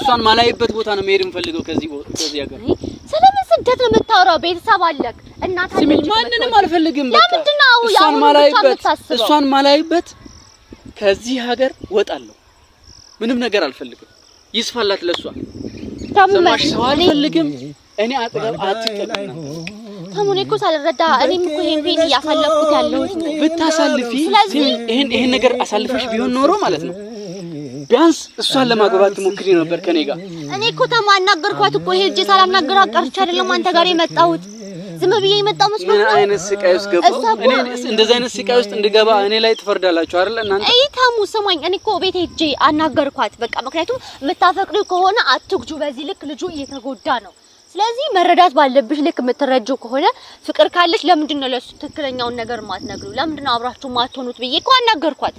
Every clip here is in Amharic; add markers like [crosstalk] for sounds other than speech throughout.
እሷን ማላይበት ቦታ ነው መሄድ የምፈልገው። ከዚህ ከዚህ ሀገር ስለምን ስደት ነው የምታወራው? ቤተሰብ አለክ፣ እናት አለች። ማንንም አልፈልግም። በቃ እሷን ማላይበት እሷን ማላይበት ከዚህ ሀገር ወጣለሁ። ምንም ነገር አልፈልግም። ይስፋላት ለሷ ሰማሽ። ሰው አልፈልግም እኔ አጥጋብ አትቀበልና ተሙኔ እኮ ሳልረዳ እኔም እኮ ይሄን ቤት እያሳለፍኩት ያለሁት ብታሳልፊ፣ ስለዚህ ይሄን ይሄን ነገር አሳልፈሽ ቢሆን ኖሮ ማለት ነው ቢያንስ እሷን ለማግባት ትሞክሪ ነበር ከኔ ጋር። እኔ እኮ ተማ አናገርኳት እኮ ሄጄ ሳላናገራት አቀርቻ አይደለም አንተ ጋር የመጣሁት። ዝም ብዬ የመጣሁ መስሎ ምን አይነት ስቃይ ውስጥ ገባሁ እኔ። እንደዚህ አይነት ስቃይ ውስጥ እንድገባ እኔ ላይ ትፈርዳላችሁ አይደል እናንተ? እይ ታሙ ስማኝ፣ እኔ እኮ ቤት ሄጄ አናገርኳት በቃ። ምክንያቱም የምታፈቅሪው ከሆነ አትጉጁ፣ በዚህ ልክ ልጁ እየተጎዳ ነው። ስለዚህ መረዳት ባለብሽ ልክ የምትረጂው ከሆነ ፍቅር ካለች ለምንድን ነው ለሱ ትክክለኛውን ነገር ማትነግሪው? ለምንድን ነው አብራችሁ ማትሆኑት ብዬ እኮ አናገርኳት።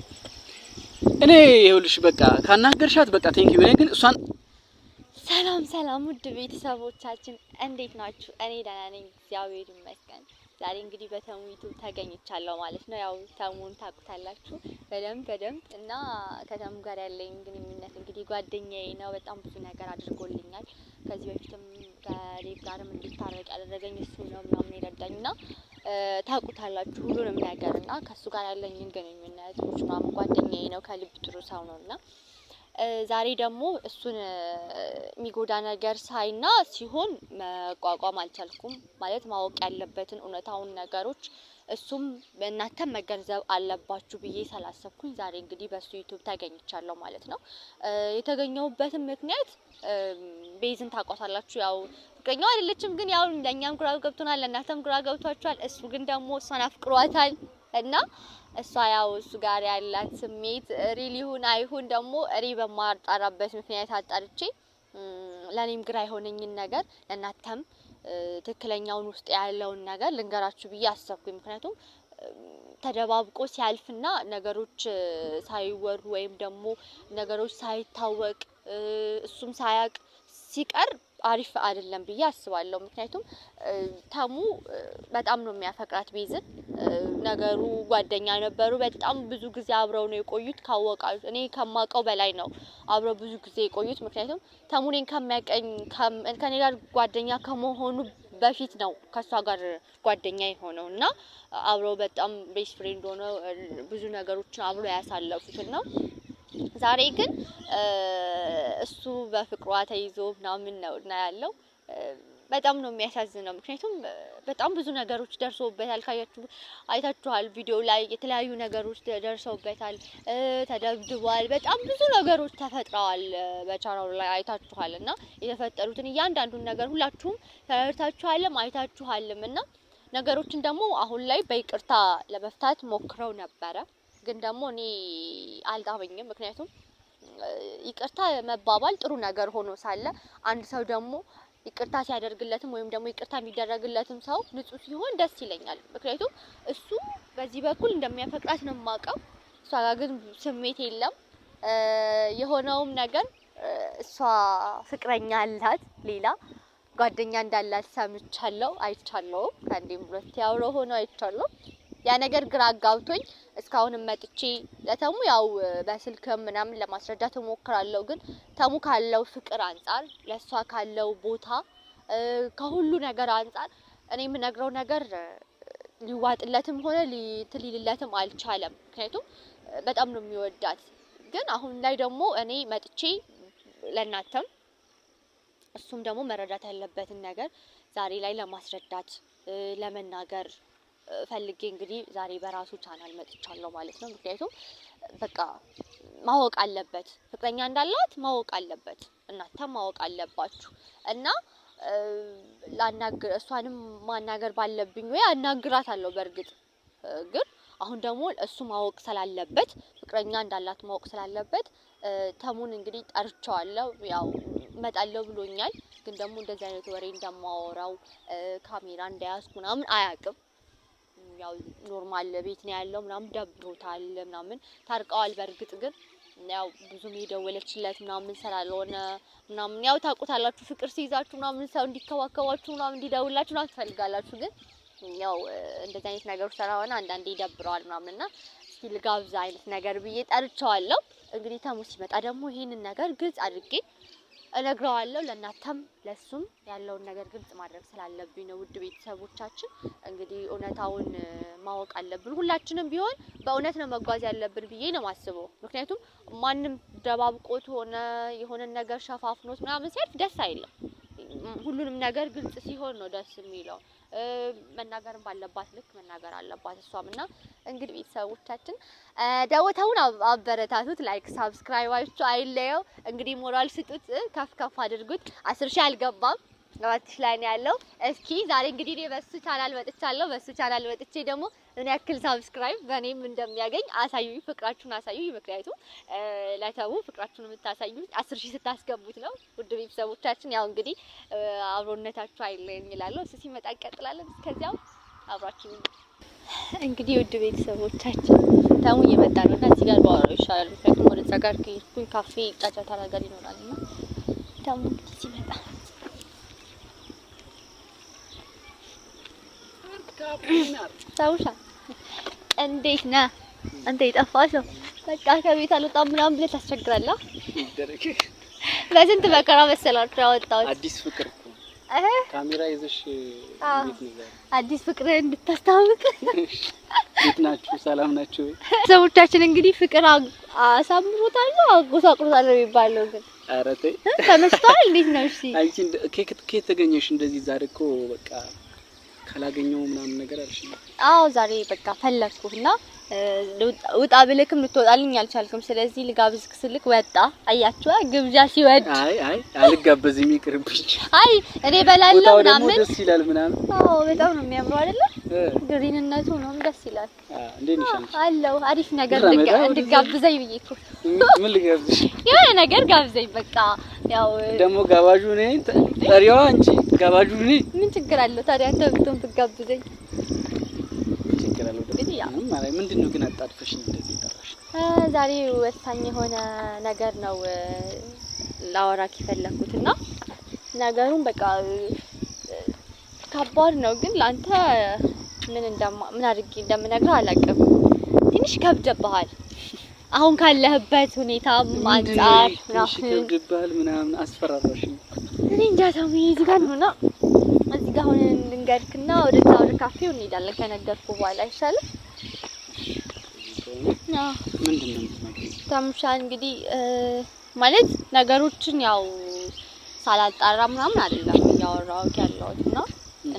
እኔ ይኸውልሽ በቃ ካናገርሻት በቃ ቴንኪ ብኔ ግን እሷን ሰላም ሰላም፣ ውድ ቤተሰቦቻችን እንዴት ናችሁ? እኔ ደህና ነኝ፣ እግዚአብሔር ይመስገን። ዛሬ እንግዲህ በተሙ ዩቱብ ተገኝቻለሁ ማለት ነው። ያው ተሙን ታውቁታላችሁ በደንብ በደንብ እና ከተሙ ጋር ያለኝ ግንኙነት እንግዲህ ጓደኛዬ ነው። በጣም ብዙ ነገር አድርጎልኛል። ከዚህ በፊትም ከሌብ ጋርም እንድታረቅ ያደረገኝ እሱ ነው ምናምን የረዳኝ እና ታውቁታላችሁ ሁሉንም ነገር እና ከእሱ ጋር ያለኝን ግንኙነት ምናምን ጓደኛዬ ነው፣ ከልብ ጥሩ ሰው ነው እና ዛሬ ደግሞ እሱን የሚጎዳ ነገር ሳይና ሲሆን መቋቋም አልቻልኩም። ማለት ማወቅ ያለበትን እውነታውን ነገሮች እሱም እናንተም መገንዘብ አለባችሁ ብዬ ስላሰብኩኝ ዛሬ እንግዲህ በእሱ ዩቱብ ተገኝቻለሁ ማለት ነው። የተገኘሁበትም ምክንያት ቤዝን ታውቋታላችሁ። ያው ፍቅረኛው አይደለችም፣ ግን ያው ለእኛም ግራ ገብቶናል፣ ለእናንተም ግራ ገብቷችኋል። እሱ ግን ደግሞ እሷን አፍቅሯታል እና እሷ ያው እሱ ጋር ያላት ስሜት ሪል ይሁን አይሁን ደግሞ ሪ በማጣራበት ምክንያት አጣርቼ ለእኔም ግራ የሆነኝን ነገር ለእናንተም ትክክለኛውን ውስጥ ያለውን ነገር ልንገራችሁ ብዬ አሰብኩኝ። ምክንያቱም ተደባብቆ ሲያልፍና ነገሮች ሳይወሩ ወይም ደግሞ ነገሮች ሳይታወቅ እሱም ሳያውቅ ሲቀር አሪፍ አይደለም ብዬ አስባለሁ። ምክንያቱም ተሙ በጣም ነው የሚያፈቅራት ቤዝን። ነገሩ ጓደኛ ነበሩ፣ በጣም ብዙ ጊዜ አብረው ነው የቆዩት። ካወቃ እኔ ከማውቀው በላይ ነው አብረው ብዙ ጊዜ የቆዩት። ምክንያቱም ተሙ እኔን ከሚያቀኝ ከኔ ጋር ጓደኛ ከመሆኑ በፊት ነው ከእሷ ጋር ጓደኛ የሆነው እና አብረው በጣም ቤስት ፍሬንድ ሆነው ብዙ ነገሮችን አብረው ያሳለፉት ነው ዛሬ ግን እሱ በፍቅሯ ተይዞ ምናምን ነው ያለው በጣም ነው የሚያሳዝነው። ምክንያቱም በጣም ብዙ ነገሮች ደርሶበታል። ካያችሁ አይታችኋል፣ ቪዲዮ ላይ የተለያዩ ነገሮች ደርሰውበታል። ተደብድቧል። በጣም ብዙ ነገሮች ተፈጥረዋል። በቻናሉ ላይ አይታችኋል እና የተፈጠሩትን እያንዳንዱን ነገር ሁላችሁም ተረድታችኋልም አይታችኋልም እና ነገሮችን ደግሞ አሁን ላይ በይቅርታ ለመፍታት ሞክረው ነበረ ግን ደግሞ እኔ አልጋበኝም። ምክንያቱም ይቅርታ መባባል ጥሩ ነገር ሆኖ ሳለ አንድ ሰው ደግሞ ይቅርታ ሲያደርግለትም ወይም ደግሞ ይቅርታ የሚደረግለትም ሰው ንጹህ ሲሆን ደስ ይለኛል። ምክንያቱም እሱ በዚህ በኩል እንደሚያፈቅራት ነው የማውቀው። እሷ ጋር ግን ስሜት የለም። የሆነውም ነገር እሷ ፍቅረኛ አላት፣ ሌላ ጓደኛ እንዳላት ሰምቻለሁ፣ አይቻለሁም። ከአንዴም ሁለቴ አብረው ሆነው አይቻለሁ። ያ ነገር ግራ አጋብቶኝ እስካሁንም መጥቼ ለተሙ ያው በስልክ ምናምን ለማስረዳት እሞክራለሁ። ግን ተሙ ካለው ፍቅር አንጻር ለእሷ ካለው ቦታ ከሁሉ ነገር አንጻር እኔ የምነግረው ነገር ሊዋጥለትም ሆነ ትሊልለትም አልቻለም። ምክንያቱም በጣም ነው የሚወዳት። ግን አሁን ላይ ደግሞ እኔ መጥቼ ለናተም እሱም ደግሞ መረዳት ያለበትን ነገር ዛሬ ላይ ለማስረዳት ለመናገር ፈልጌ እንግዲህ ዛሬ በራሱ ቻናል መጥቻለሁ ማለት ነው። ምክንያቱም በቃ ማወቅ አለበት ፍቅረኛ እንዳላት ማወቅ አለበት፣ እናንተ ማወቅ አለባችሁ እና ላናግር እሷንም ማናገር ባለብኝ ወይ አለው በእርግጥ ግን አሁን ደግሞ እሱ ማወቅ ስላለበት ፍቅረኛ እንዳላት ማወቅ ስላለበት ተሙን እንግዲህ ጠርቸዋለሁ። ያው እመጣለሁ ብሎኛል። ግን ደግሞ እንደዚህ አይነት ወሬ እንደማወራው ካሜራ እንዳያዝኩ ምናምን አያውቅም። ያው ኖርማል ቤት ነው ያለው ምናምን ደብሮታል ምናምን ታርቀዋል። በእርግጥ ግን ያው ብዙም የደወለችለት ምናምን ስላልሆነ ምናምን ያው ታውቁታላችሁ፣ ፍቅር ሲይዛችሁ ምናምን ሰው እንዲከባከባችሁ ምናምን እንዲደውላችሁ ምናምን ትፈልጋላችሁ። ግን ያው እንደዚህ አይነት ነገሮች ስለሆነ አንዳንዴ ይደብረዋል ምናምን እና እስኪ ልጋብዛ አይነት ነገር ብዬ ጠርቸዋለሁ። እንግዲህ ተሙ ሲመጣ ደግሞ ይህንን ነገር ግልጽ አድርጌ እነግረዋለሁ። ለእናተም ለሱም ያለውን ነገር ግልጽ ማድረግ ስላለብኝ ነው። ውድ ቤተሰቦቻችን እንግዲህ እውነታውን ማወቅ አለብን። ሁላችንም ቢሆን በእውነት ነው መጓዝ ያለብን ብዬ ነው ማስበው። ምክንያቱም ማንም ደባብቆት ሆነ የሆነን ነገር ሸፋፍኖት ምናምን ሲያልፍ ደስ አይለም። ሁሉንም ነገር ግልጽ ሲሆን ነው ደስ የሚለው። መናገርም ባለባት ልክ መናገር አለባት እሷም። እና እንግዲህ ቤተሰቦቻችን ዳወታውን አበረታቱት፣ ላይክ ሳብስክራይባችሁ አይለየው። እንግዲህ ሞራል ስጡት፣ ከፍ ከፍ አድርጉት። አስር ሺህ አልገባም ሰባት ሺህ ላይ ነው ያለው። እስኪ ዛሬ እንግዲህ በሱ ቻናል መጥቻለሁ። በሱ ቻናል መጥቼ ደግሞ ምን ያክል ሳብስክራይብ በእኔም እንደሚያገኝ አሳዩ፣ ፍቅራችሁን አሳዩ። ምክንያቱም ለተቡ ፍቅራችሁን የምታሳዩት አስር ሺህ ስታስገቡት ነው። ውድ ቤተሰቦቻችን ያው እንግዲህ አብሮነታችሁ አይለየን እላለሁ። እሱ ሲመጣ እንቀጥላለን። እስከዚያው አብራችሁ እንግዲህ ውድ ቤተሰቦቻችን ተሙ እየመጣ ነው እና እዚህ ጋር ባወራው ይሻላል። ምክንያቱም ወደ ጋር ከሄድኩኝ ካፌ ጫጫታ ነገር ይኖራል እና ተሙ እንግዲህ ሲመጣ ሰውሻ እንዴት ነህ አንተ? የጠፋህ ሰው በቃ ከቤት አልወጣም ምናምን ብለህ ታስቸግራለህ። በስንት መከራ መሰላችሁ ያወጣሁት አዲስ ፍቅር ካሜራ ይዘሽ አዲስ ፍቅር እንድታስታውቅ። እንዴት ናችሁ? ሰላም ናችሁ? ሰዎቻችን እንግዲህ ፍቅር አሳምሮታል ነው አጎሳቅሮታል ነው የሚባለው። ግን ተመስቷል። እንዴት ነው? እሺ አንቺ ኬክ ኬክ ተገኘሽ እንደዚህ ዛሬ እኮ በቃ ካላገኘው ምናምን ነገር አልሽ? አዎ ዛሬ በቃ ፈለግኩና ውጣ ብልክም ልትወጣልኝ አልቻልክም። ስለዚህ ልጋብዝክ ስልክ ወጣ። አያችሁ ግብዣ ሲወድ አይ አይ አልጋበዝም ይቅርብኝ። አይ እኔ በላለው ምናምን ደስ ይላል ምናምን። አዎ በጣም ነው የሚያምሩ አይደለ? ግሪንነቱ ነው ደስ ይላል። እንዴ ነሽ አለው። አሪፍ ነገር እንድጋብዘኝ ብዬ እኮ ምን ልጋብዝሽ? [laughs] የሆነ ነገር ጋብዘኝ በቃ። ያው ደግሞ ጋባዡ ነኝ፣ ጠሪዋ አንቺ ልጋባጁ እኔ ምን ችግር አለው ታዲያ? አንተ ብትሆን ምን ችግር አለው ግን ያ ምን ምንድን ነው ግን አጣጥፈሽ እንደዚህ የጠራሽ? ዛሬ ወሳኝ የሆነ ነገር ነው ላወራክ የፈለኩት እና ነገሩን በቃ ከባድ ነው ግን ለአንተ ምን እንደማ ምን አድርጌ እንደምነግርህ አላውቅም። ትንሽ ከብደብሃል አሁን ካለህበት ሁኔታ አንጻር ምናምን ከብደብሃል ምናምን አስፈራራሽ እንጃ ታሙ እዚህ ጋር ነውና እዚህ ጋር ሆነን ልንገድክና ወደዛ ወደ ካፌው እንሄዳለን ከነገርኩ በኋላ አይሻልም? ታምሻ እንግዲህ ማለት ነገሮችን ያው ሳላጣራ ምናምን አይደለም እያወራሁት ያለሁት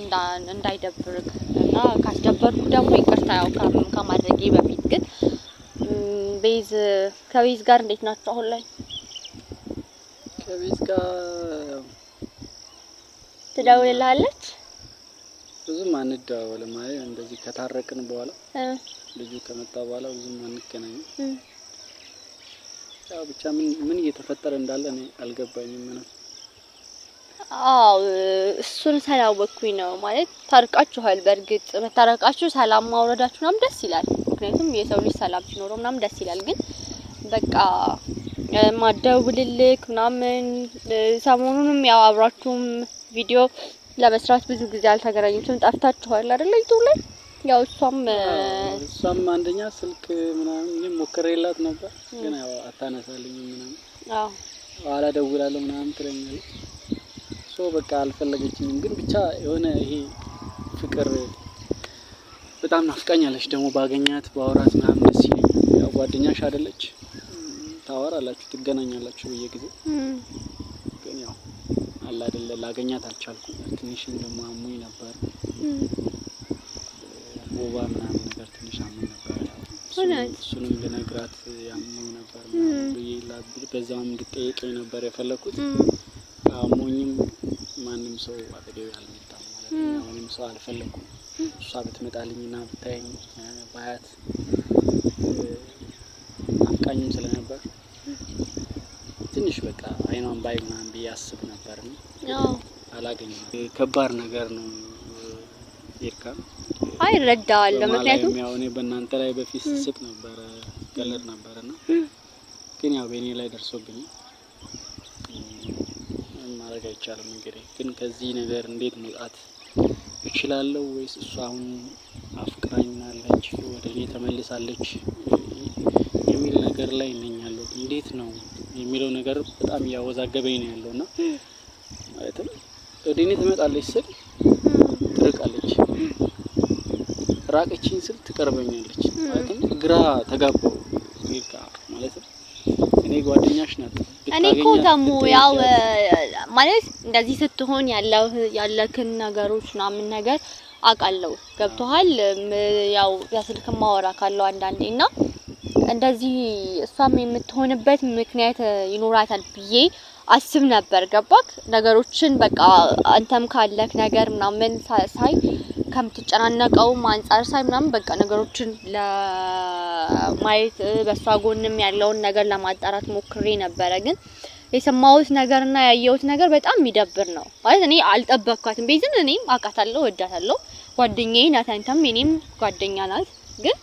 እና እንዳይደብርክ እና ካስደበርኩ ደግሞ ይቅርታ ያው ከማድረጌ በፊት ግን ቤዝ ከቤዝ ጋር እንዴት ናቸው አሁን ላይ? ከቤዝ ጋር ትደውልልሃለች? ብዙም አንደዋወልም። አይ እንደዚህ ከታረቅን በኋላ ልጁ ከመጣ በኋላ ብዙም አንገናኝም። ያው ብቻ ምን ምን እየተፈጠረ እንዳለ እኔ አልገባኝም ነው። አው እሱን ስላወቅኩኝ ነው ማለት ታርቃችኋል። በእርግጥ መታረቃችሁ ሰላም ማውረዳችሁ ምናምን ደስ ይላል። ምክንያቱም የሰው ልጅ ሰላም ሲኖረው ምናምን ደስ ይላል። ግን በቃ ማደውልልክ ምናምን ሰሞኑንም ያው አብራችሁም ቪዲዮ ለመስራት ብዙ ጊዜ አልተገናኙትም። ጠፍታችኋል አይደለ? ዩቱብ ላይ ያው እሷም እሷም አንደኛ ስልክ ምናምን ሞክሬላት ነበር፣ ግን ያው አታነሳልኝ ምናምን። አዎ ኋላ ደውላለሁ ምናምን ትለኛለች። ሶ በቃ አልፈለገችኝም። ግን ብቻ የሆነ ይሄ ፍቅር በጣም ናፍቃኛለች። ደግሞ ባገኛት ባወራት ምናምን ደስ ይለኛል። ያው ጓደኛሽ አይደለች፣ ታወራላችሁ፣ ትገናኛላችሁ በየጊዜው አለ አይደለ ላገኛት አልቻልኩም። ትንሽም ደግሞ አሙኝ ነበር ወባ ምናምን ነገር ትንሽ አሙኝ ነበር። እሱንም ልነግራት ያሙኝ ነበር ብዬ በዛውም እንድጠየቀኝ ነበር የፈለኩት። አሞኝም ማንም ሰው አጠገቤ አልመጣም ማለት ነው። አሁንም ሰው አልፈለኩም። እሷ ብትመጣልኝ ብትመጣልኝና ብታይኝ ባያት አፍቃኝም ስለነበር ትንሽ በቃ አይኗን ባይ ምናምን ብዬ አስብ ነበር አላገኘም። ከባድ ነገር ነው ኤርካ። አይ እረዳዋለሁ። ምክንያቱም ያው እኔ በእናንተ ላይ በፊት ስስቅ ነበረ ገለድ ነበረ እና ግን ያው በእኔ ላይ ደርሶብኝ ማድረግ አይቻልም። እንግዲህ ግን ከዚህ ነገር እንዴት መውጣት እችላለሁ? ወይስ እሷ አሁን አፍቅራኛለች ወደ እኔ ተመልሳለች የሚል ነገር ላይ እነኛለሁ። እንዴት ነው የሚለው ነገር በጣም እያወዛገበኝ ነው ያለው እና ማለትም እድኔ ትመጣለች ስል ትርቃለች፣ ራቀችኝ ስል ትቀርበኛለች። ማለትም ግራ ተጋባው ይልቃ ማለትም እኔ ጓደኛሽ ናት። እኔ እኮ ደግሞ ያው ማለት እንደዚህ ስትሆን ያለክን ነገሮች ምናምን ነገር አውቃለሁ። ገብቶሃል? ያው በስልክ ማወራ ካለው አንዳንዴ እና እንደዚህ እሷም የምትሆንበት ምክንያት ይኖራታል ብዬ አስብ ነበር። ገባክ? ነገሮችን በቃ አንተም ካለክ ነገር ምናምን ሳይ ከምትጨናነቀውም አንጻር ሳይ ምናምን በቃ ነገሮችን ለማየት በእሷ ጎንም ያለውን ነገር ለማጣራት ሞክሬ ነበረ። ግን የሰማሁት ነገርና ያየሁት ነገር በጣም የሚደብር ነው። ማለት እኔ አልጠበኳትም። ቤዝን እኔም አውቃታለሁ፣ ወዳታለሁ። ጓደኛዬ ናት፣ አንተም የኔም ጓደኛ ናት። ግን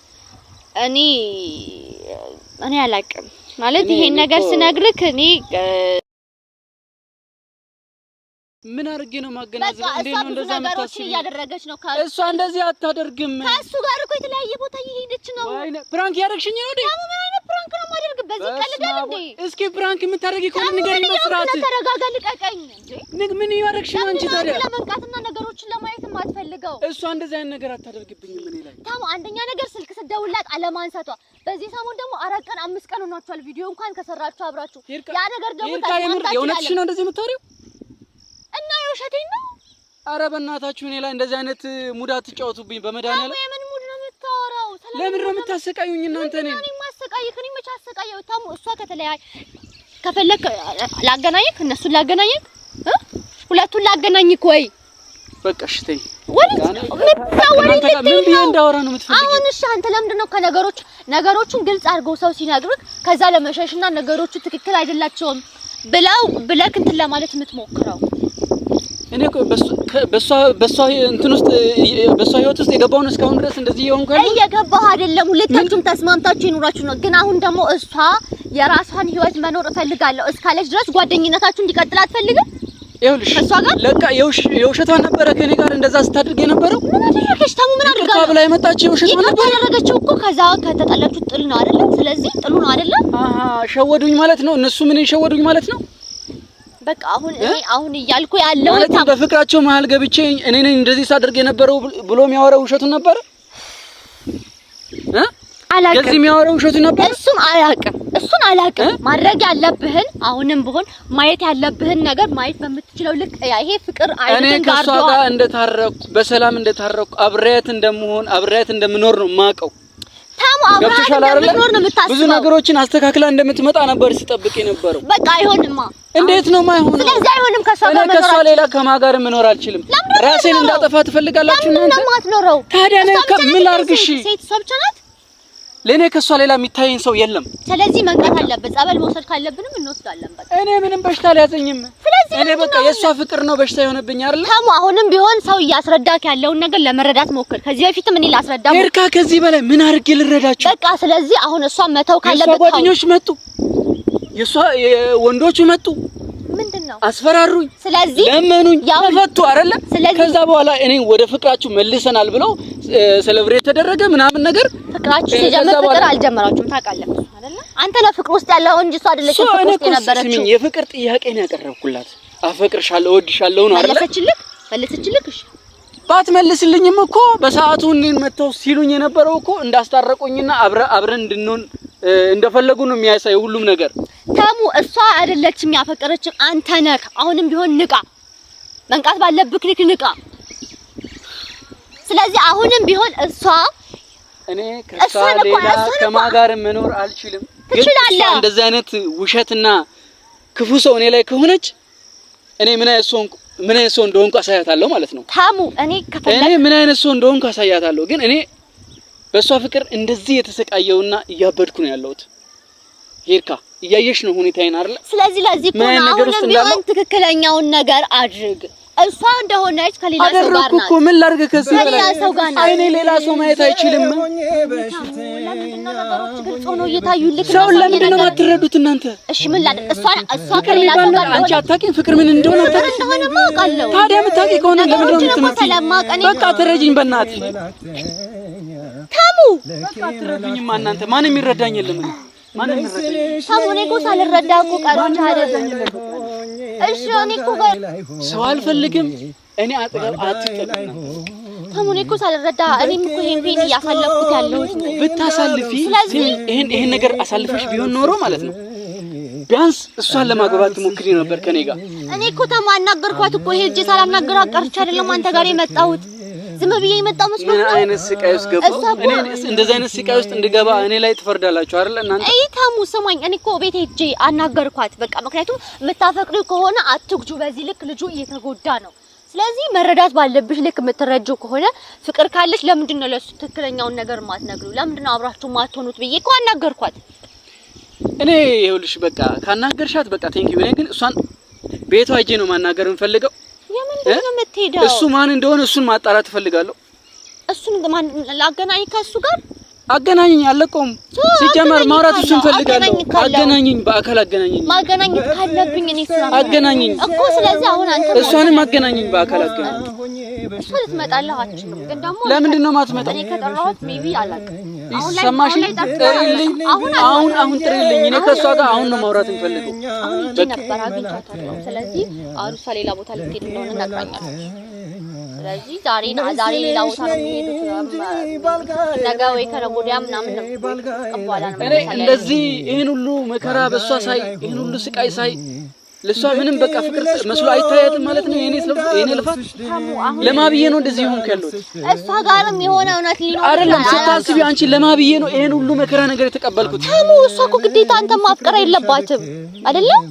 እኔ እኔ አላቅም ማለት ይሄን ነገር ስነግርክ እኔ ምን አድርጌ ነው ማገናዘብ? እንዴት ነው እንደዛ መታሰብ እያደረገች ነው? እሷ እንደዚህ አታደርግም። ከእሱ ጋር እኮ የተለያየ ቦታ እየሄደች ነው። ወይኔ ፕራንክ ያደረግሽኝ ነው እንዴ? ያው ምን አይነት ፕራንክ ነው ማደርግ? በዚህ ቀልደል እንዴ? እስኪ ፕራንክ የምታደርጊ ከሆነ ንገሪኝ። መስራት ተረጋጋ፣ ልቀቀኝ። እንዴ ምን ያደረግሽ ነው አንቺ ታዲያ? ለመንቃትና ነገሮችን ለማየት የማትፈልገው እሷ እንደዚህ አይነት ነገር አታደርግብኝ። ምን ይላል? ታሙ። አንደኛ ነገር ስልክ ስትደውልላት አለማንሳቷ በዚህ ሰሞን ደግሞ አራት ቀን አምስት ቀን ሆኗቸዋል። ቪዲዮ እንኳን ከሰራችሁ አብራችሁ ያ ነገር ደግሞ የእውነትሽ ነው እንደዚህ የምታወሪው እና የውሸቴን ነው። አረ በእናታችሁ እኔ ላይ እንደዚህ አይነት ሙድ አትጫወቱብኝ። በመድኃኒዓለም ነው የምን ሙድ ነው የምታወራው? ለምን ነው የምታሰቃዩኝ እናንተ? እኔ እኔ ማሰቃየህ እኔ መቼ አሰቃየሁ? ታሙ እሷ ከተለያየ ከፈለክ ላገናኝክ እነሱን ላገናኝክ ሁለቱን ላገናኝክ ወይ በቃ እሺ ተይ። ወሊድ እንዳወራ ነው የምትፈልጊው? አሁን እሺ፣ አንተ ለምንድን ነው ከነገሮች ነገሮቹን ግልጽ አድርገው ሰው ሲነግርህ ከዛ ለመሸሽና ነገሮቹ ትክክል አይደላቸውም ብለው ብለህ እንትን ለማለት የምትሞክረው? እኔ በሷ በሷ እንትን ውስጥ በሷ ህይወት ውስጥ የገባውን እስካሁን ድረስ እንደዚህ የሆንኩ አይደል? እየገባሁ አይደለም። ሁለታችሁም ተስማምታችሁ ይኖራችሁ ነው። ግን አሁን ደግሞ እሷ የራሷን ህይወት መኖር እፈልጋለሁ እስካለች ድረስ ጓደኝነታችሁ እንዲቀጥል አትፈልግም? ይኸውልሽ ነበረ ከኔ ጋር እንደዛ ስታድርግ የነበረው። ምን አደረገች? ታሙ ምን ብላ የመጣች የውሸቷ ነበር ያደረገችው እኮ። ከዛ ከተጣላችሁ ጥል ነው አይደለ? ስለዚህ ጥሉ ነው አይደለ? ሸወዱኝ ማለት ነው። እነሱ ምን ሸወዱኝ ማለት ነው። በቃ አሁን እኔ አሁን እያልኩ ያለው ታሙ በፍቅራቸው መሀል ገብቼ እኔ ነኝ እንደዚህ ሳደርግ የነበረው ብሎ የሚያወራው ውሸቱን ነበረ እ አላቅም። ከዚህ የሚያወራው ውሸቱ ነበር። እሱን አላቅም፣ እሱን አላቅም። ማድረግ ያለብህን አሁንም ብሆን ማየት ያለብህን ነገር ማየት በምትችለው ልክ ይሄ ፍቅር አይደለም። እኔ ከሷ ጋር እንደታረኩ በሰላም እንደታረኩ አብሬያት እንደምሆን አብሬያት እንደምኖር ነው ማቀው። ታሙ አብሬያት እንደምኖር ነው የምታስበው። ብዙ ነገሮችን አስተካክላ እንደምትመጣ ነበር ስጠብቅ የነበረው። በቃ አይሆንማ። እንዴት ነው ማይሆን? ስለዚህ አይሆንም። ከሷ ጋር መኖር ከሷ ሌላ ከማጋር መኖር አልችልም። ራሴን እንዳጠፋ ትፈልጋላችሁ እናንተ? ታዲያ ምን ላድርግ? እሺ ሴት ሰው ብቻ ናት ለእኔ ከሷ ሌላ የሚታየኝ ሰው የለም። ስለዚህ መንቃት አለበት። ጸበል መውሰድ ካለብንም እንወስዳለን። በቃ እኔ ምንም በሽታ አልያዘኝም። እኔ በቃ የእሷ ፍቅር ነው በሽታ የሆነብኝ አይደል? ታሙ፣ አሁንም ቢሆን ሰው እያስረዳክ ያለውን ነገር ለመረዳት ሞክር። ከዚህ በፊትም እኔ ላስረዳ ሞክር። ከዚህ በላይ ምን አድርጌ ልረዳቸው? በቃ ስለዚህ አሁን እሷ መተው ካለበት ጓደኞች መጡ፣ የእሷ ወንዶቹ መጡ ምንድን ነው አስፈራሩኝ፣ ስለዚህ ለመኑኝ፣ ተፈቱ አይደለ? ከዛ በኋላ እኔ ወደ ፍቅራችሁ መልሰናል ብለው ሴሌብሬት ተደረገ ምናምን ነገር። ፍቅራችሁ ሲጀምር ፍቅር አልጀመራችሁም ታውቃለህ አይደለ? አንተ ለፍቅር ውስጥ ያለው እንጂ እሷ አይደለችም ፍቅር ውስጥ የነበረችው። ስሚኝ፣ የፍቅር ጥያቄ ነው ያቀረብኩላት አፈቅርሻለሁ፣ እወድሻለሁ ነው አይደለ? መለሰችልክ መለሰችልክ። እሺ ባትመልስልኝም እኮ በሰዓቱ እኔን መተው ሲሉኝ የነበረው እኮ እንዳስታረቁኝና አብረን እንድንሆን እንደፈለጉ ነው የሚያሳየው ሁሉም ነገር ተሙ እሷ አይደለችም ያፈቀረችም አንተ ነህ። አሁንም ቢሆን ንቃ፣ መንቃት ባለብህ ክሊክ ንቃ። ስለዚህ አሁንም ቢሆን እሷ እኔ ከሷ ሌላ ከማን ጋር መኖር አልችልም። ትችላለህ። እንደዚህ አይነት ውሸትና ክፉ ሰው እኔ ላይ ከሆነች እኔ ምን አይነት ሰው ምን አይነት ሰው እንደሆንኩ አሳያታለሁ ማለት ነው። ታሙ እኔ ከፈለክ እኔ ምን አይነት ሰው እንደሆንኩ አሳያታለሁ። ግን እኔ በእሷ ፍቅር እንደዚህ የተሰቃየውና እያበድኩ ነው ያለሁት ሄርካ እያየሽ ነው ሁኔታዬን አይደል? ስለዚህ ለዚህ እኮ ነው አሁንም ቢሆን ትክክለኛውን ነገር አድርግ። እሷ እንደሆነች ከሌላ ሰው ጋር ናት እኮ ምን ላድርግ? ከዚህ ከሌላ ሰው ጋር ናት። አይኔ ሌላ ሰው ማየት አይችልም። ሰው ለምንድን ነው የማትረዱት እናንተ? እሺ ምን ላድርግ? እሷ እሷ ከሌላ ሰው ጋር አንቺ አታውቂም፣ ፍቅር ምን እንደሆነ አታውቂም። እንደሆነማ አውቃለሁ። ታዲያ የምታውቂ ከሆነ ለምንድን ነው የምትመጪው? በቃ ተረጅኝ፣ በእናትሽ ታሙ። በቃ አትረዱኝማ እናንተ፣ ማንም ይረዳኝ የለም። ሰሞኑን እኮ ሳልረዳ እኮ ቀሮች አይደለም። እሺ እኔ እኮ ሰው አልፈልግም። እኔ አጥገብ አትቀበል። ሰሞኑን እኮ ሳልረዳ እኔም እኮ ይሄን እያሳለፍኩት ያለሁት ብታሳልፊ፣ ይሄን ነገር አሳልፈሽ ቢሆን ኖሮ ማለት ነው ቢያንስ እሷን ለማግባት ትሞክሪ ነበር ከኔ ጋር። እኔ እኮ እኮ ሳላናገራት ቀርቼ አይደለም አንተ ጋር የመጣሁት ዝም ብዬ የመጣው መስሎኝ ነው። ምን አይነት ስቃይ ውስጥ ገባሁ እኔ? እንደዚህ አይነት ስቃይ ውስጥ እንድገባ እኔ ላይ ትፈርዳላችሁ አይደል እናንተ? እይ ታሙ ስማኝ፣ እኔ እኮ ቤት ሄጄ አናገርኳት በቃ። ምክንያቱም የምታፈቅሪው ከሆነ አትጉጁ፣ በዚህ ልክ ልጁ እየተጎዳ ነው። ስለዚህ መረዳት ባለብሽ ልክ የምትረጂው ከሆነ ፍቅር ካለሽ ለምንድን ነው ለሱ ትክክለኛውን ነገር ማትነግሪው? ለምንድን ነው አብራችሁ ማትሆኑት ብዬ እኮ አናገርኳት። እኔ ይኸውልሽ በቃ ካናገርሻት በቃ ቴንኪው። እኔ ግን እሷን ቤቷ ሄጄ ነው ማናገር የምፈልገው የምንድን የምትሄደው? እሱ ማን እንደሆነ እሱን ማጣራት እፈልጋለሁ። እሱን ማን ላገናኝ ከእሱ ጋር አገናኝኝ፣ አለቀውም። ሲጀመር ማውራት እሱን እንፈልጋለሁ። አገናኝኝ፣ በአካል አገናኝኝ። ማገናኘት ካለብኝ እኔ አገናኝኝ እኮ። ስለዚህ አሁን አንተ እሷንም አገናኝኝ፣ በአካል አገናኝኝ። እሷ ልትመጣልህ አትችልም፣ ግን ደግሞ ለምንድን ነው የማትመጣው? እኔ ከጠራሁት ሜቢ አላውቅም። ይሰማሽ? ጥሪልኝ፣ አሁን አሁን ጥሪልኝ። እኔ ከእሷ ጋር አሁን ነው ማውራት እንፈልገው። አሁን ሂጅ ነበር አግኝቻታለሁ። ስለዚህ አሩሳ ሌላ ቦታ ልትሄድ እንደሆነ እናግራኛለች። ስለዚህ ዛሬ ዛሬ ሌላ ቦታ ነው ነገ ወይ ከነገ ወዲያ ምናምን ነው። እኔ እንደዚህ ይህን ሁሉ መከራ በእሷ ሳይ፣ ይህን ሁሉ ስቃይ ሳይ ለእሷ ምንም በቃ ፍቅር መስሎ አይታያትም ማለት ነው። የኔ ልፋት ለማብዬ ነው እንደዚህ ይሁን ከሉት እሷ ጋርም የሆነ እውነት ሊኖር አይደለም። ስታስቢ አንቺ ለማብዬ ነው ይሄን ሁሉ መከራ ነገር የተቀበልኩት። ታሙ እሷ እኮ ግዴታ አንተ ማፍቀር የለባትም አይደለም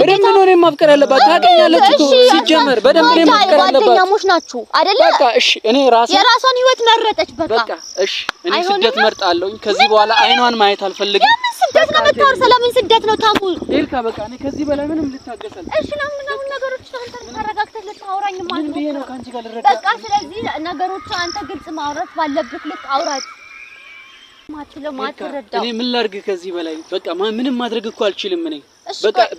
በደንብ ነው እኔን ማፍቀር ያለባት። ታገኛለች እኮ ሲጀመር በደንብ ነው ማፍቀር ያለባት። ጓደኛሞች ናችሁ አይደለ? በቃ እሺ፣ እኔ ራሴ የራሷን ህይወት መረጠች። በቃ በቃ እሺ፣ እኔ ስደት መርጣለሁ። ከዚህ በኋላ አይኗን ማየት አልፈልግም። ለምን ስደት ነው መታወር? ስለምን ስደት ነው ታሙ? ይልካ በቃ እኔ ከዚህ በላይ ምንም ልታገሰል። አልኩ። እሺ፣ ነው ምን አሁን ነገሮች አንተ ተረጋግተህ ልታወራኝ ማለት ነው? ጋር በቃ ስለዚህ ነገሮች አንተ ግልጽ ማውራት ባለብህ ልክ አውራት። ማትለው ማትረዳው እኔ ምን ላድርግ? ከዚህ በላይ በቃ ምንም ማድረግ እኮ አልችልም እኔ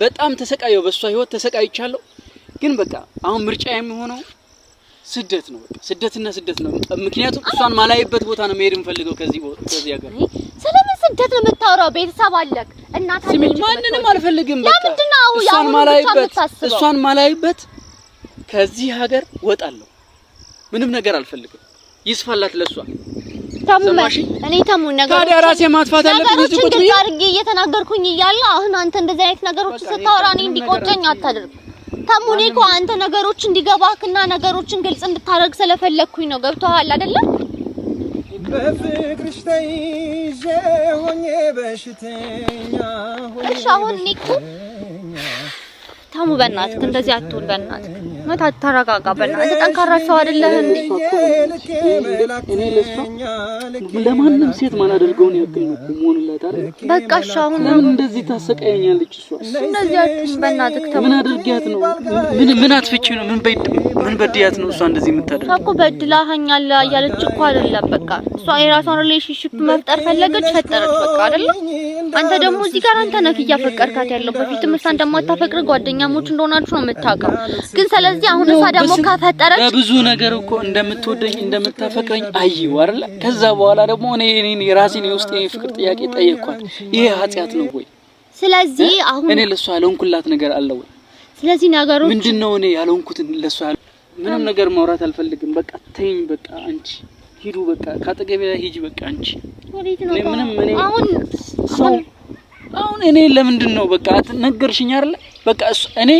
በጣም ተሰቃየው፣ በእሷ ህይወት ተሰቃይቻለሁ። ግን በቃ አሁን ምርጫ የሚሆነው ስደት ነው። በቃ ስደትና ስደት ነው። ምክንያቱም እሷን ማላይበት ቦታ ነው መሄድ የምፈልገው ከዚህ ከዚህ ሀገር። ስለምን ስደት ነው የምታወራው? ቤተሰብ አለክ፣ እናታ አለክ። ማንንም አልፈልግም። በቃ እሷን ማላይበት እሷን ማላይበት ከዚህ ሀገር ወጣለሁ። ምንም ነገር አልፈልግም። ይስፋላት ለሷ እኔ ታሙ ነገር ታዲያ ራሴ ማጥፋት አለብኝ። ብዙ ቁጥር ነገር አድርጌ እየተናገርኩኝ እያለ አሁን አንተ እንደዚህ አይነት ነገሮችን ስታወራ እኔ እንዲቆጨኝ አታደርግ። ታሙ እኔ እኮ አንተ ነገሮች እንዲገባህና ነገሮችን ግልጽ እንድታደርግ ስለፈለግኩኝ ነው። ገብቶሃል አይደለም? በፍቅርሽ ተይዤ ሆኜ በሽተኛ ሆኜ እሺ። አሁን እኔ እኮ ታሙ በእናትህ እንደዚህ አትሁን በእናትህ ዓመት አታረጋጋ በል። አንተ ጠንካራ ሰው አይደለህ። እኔ ለእሷ ለማንም ሴት ማላደርገውን ያክል ነው መሆንላት አይደል? በቃ እሺ። አሁን ለምን እንደዚህ ታሰቃየኛለች እሷ? እንደዚህ አትሽ፣ በእናትህ ምን አድርጊያት ነው? ምን ምን አትፍቺ ነው? ምን በድ ምን በድያት ነው እሷ እንደዚህ የምታደርገው? እኮ በድላኸኛል እያለች እኮ አይደለም። በቃ እሷ የራሷን ሪሌሽንሺፕ መፍጠር ፈለገች፣ ፈጠረች። በቃ አይደለም አንተ ደግሞ እዚህ ጋር አንተ ነህ እያፈቀርካት ያለው። በፊትም እሷ እንደማታፈቅር ጓደኛሞች እንደሆናችሁ ነው የምታውቀው። ግን ስለዚህ አሁን እሷ ደግሞ ካፈጠረች ብዙ ነገር እኮ እንደምትወደኝ እንደምታፈቅረኝ አየሁ አይደለ? ከዛ በኋላ ደግሞ እኔ እኔ የራሴን የውስጥ ፍቅር ጥያቄ ጠየቅኳት። ይሄ ኃጢያት ነው ወይ? ስለዚህ አሁን እኔ ለሷ ያልሆንኩላት ነገር አለ ወይ? ስለዚህ ነገሮች ምንድን ነው? እኔ ያልሆንኩትን ለሷ ምንም ነገር ማውራት አልፈልግም። በቃ ተይኝ፣ በቃ አንቺ ሂዱ በቃ ካጠገቤ ላይ ሂጂ በቃ አንቺ። እኔ ምንም እኔ አሁን ሰው አሁን እኔ ለምንድን ነው በቃ ነገርሽኝ አይደለ? በቃ እኔ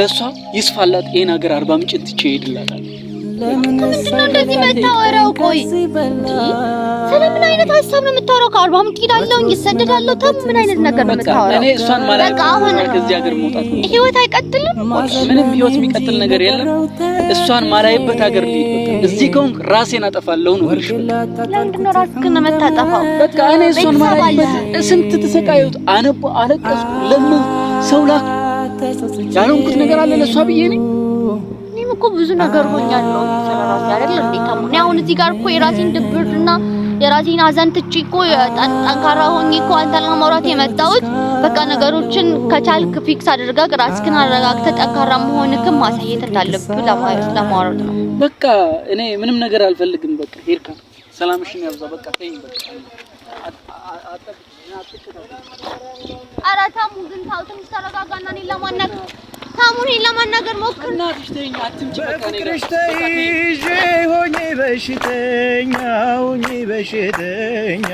ለእሷ ይስፋላት ይሄን ሀገር አርባ ምንጭን ትቼ እሄድላታለሁ። ምንድነው ሀሳብ ነው የምታወራው? ከአርባ ምንጭ እሷን አይቀጥልም፣ ምንም ህይወት የሚቀጥል ነገር የለም። እሷን ማላይበት ሀገር እዚህ ከሆንክ ራሴን አጠፋለሁ ነው ብለሽ ለምንድነው ራስህን የምታጠፋው? በቃ እኔ እሷን ማላይበት ስንት ተሰቃየሁት፣ አነባ አለቀስኩ፣ ለምን ሰው ላክ ያለንኩት ነገር አለ ለእሷ ብዬ ነኝ እኮ ብዙ ነገር ሆኛለሁ ስለራሴ አይደል እንዴ ታሙ። አሁን እዚህ ጋር እኮ የራሴን ድብርና የራሴን አዘን ትቼ እኮ ጠንካራ ሆኜ እኮ አንተን ለማውራት የመጣሁት። በቃ ነገሮችን ከቻልክ ፊክስ አድርገህ ራስህን አረጋግተህ ጠንካራ መሆንክን ማሳየት እንዳለብህ ለማውራት ነው። በቃ እኔ ምንም ነገር አልፈልግም። በቃ ሄርካ ሰላምሽን ያብዛ። በቃ ተይኝ በቃ ኧረ ተሙ ግን ታው ትንሽ ተረጋጋና እኔን ለማናገር ታሙኔን ለማናገር ሞክር። ሆኜ በሽተኛ ሆኜ በሽተኛ ሆኜ በሽተኛ